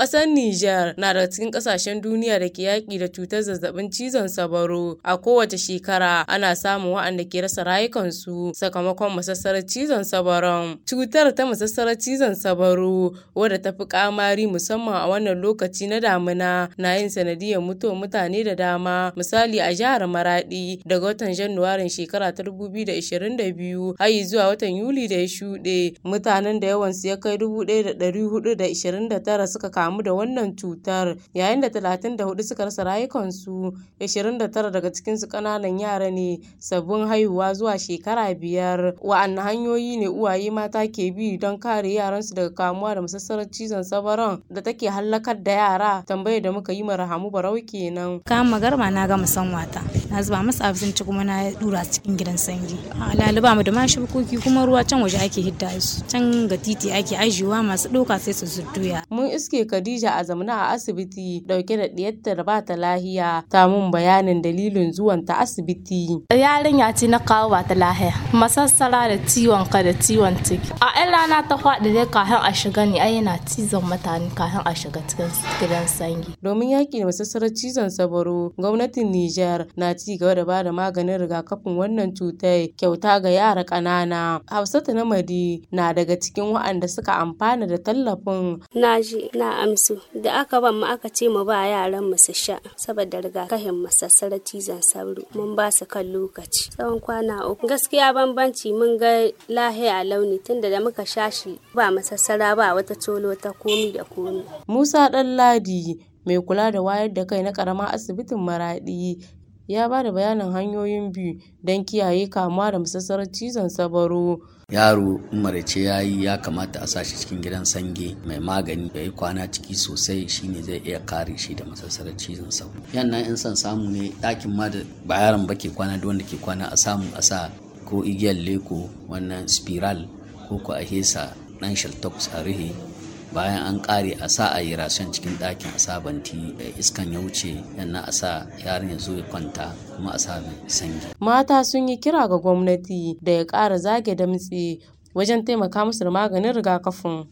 Ƙasar Nijar na da cikin ƙasashen duniya da ke yaƙi da cutar zazzabin cizon sabaro. A kowace shekara ana samun waɗanda ke rasa rayukansu sakamakon masassarar cizon sabaron. Cutar ta masassarar cizon sabaro wadda ta fi kamari musamman a wannan lokaci na damina na yin sanadiyar mutuwar mutane da dama misali a jihar Maradi daga watan Januwarin shekara ta 2022 har zuwa watan Yuli da ya shuɗe mutanen da yawansu ya kai 1429 suka kama. kamu da wannan cutar yayin da 34 suka rasa rayukansu 29 daga cikin su kananan yara ne sabbin haihuwa zuwa shekara biyar wa'anne hanyoyi ne uwaye mata ke bi don kare yaransu daga kamuwa da masassarar cizon sabaron da take hallakar da yara tambayar da muka yi ma rahamu barau kenan kama garba na gama san wata na zuba masa abinci kuma na dura cikin gidan sanyi a laliba mu da ma shukoki kuma ruwa can waje ake hidda su can ga titi ake ajiyewa masu ɗauka sai su zudduya mun iske Khadija a zamana a asibiti dauke da ɗiyarta ba ta lahiya ta mun bayanin dalilin zuwan ta asibiti yarinya ce na kawo ba ta lahiya masassara da ciwon ka da ciwon ciki a yan rana ta faɗi dai kafin a shiga ne ai yana cizon mutane kafin a shiga cikin gidan sanyi domin yaƙi da masassarar cizon sabaro gwamnatin Nijar na ci gaba da bada maganin rigakafin wannan cutar kyauta ga yara ƙanana. Hafsatu Namadi na daga cikin waɗanda suka amfana da tallafin. Na ji na amsu da aka ban mu aka ce mu ba yaran mu su sha saboda rigakafin masassarar cizon sauro mun ba su kan lokaci tsawon kwana uku. Gaskiya bambanci mun ga lahiya launi tunda da muka sha shi ba masassara ba wata colo ta komi da komi. Musa Ɗanladi mai kula da wayar da kai na karamar asibitin maraɗi ya ba da bayanin hanyoyin bi don kiyaye kamuwa da masassarar cizon sabaro. yaro in marace ya yi ya kamata a sa shi cikin gidan sange mai magani ya yi kwana ciki sosai shine zai iya kare shi da masassarar cizon sabo. yannan in son samu ne dakin ma da ba yaron ba ke kwana da wanda ke kwana a samu a sa ko igiyar leko wannan spiral ko ko a hesa ɗan shaltox a rihe bayan an ƙare a sa a yi rashen cikin ɗakin a sa da eh, iskan ya wuce yana a sa yaron ya zo ya kwanta kuma a sa sanyi. mata sun yi kira ga gwamnati da ya ƙara zage damtse wajen taimaka musu da maganin rigakafin.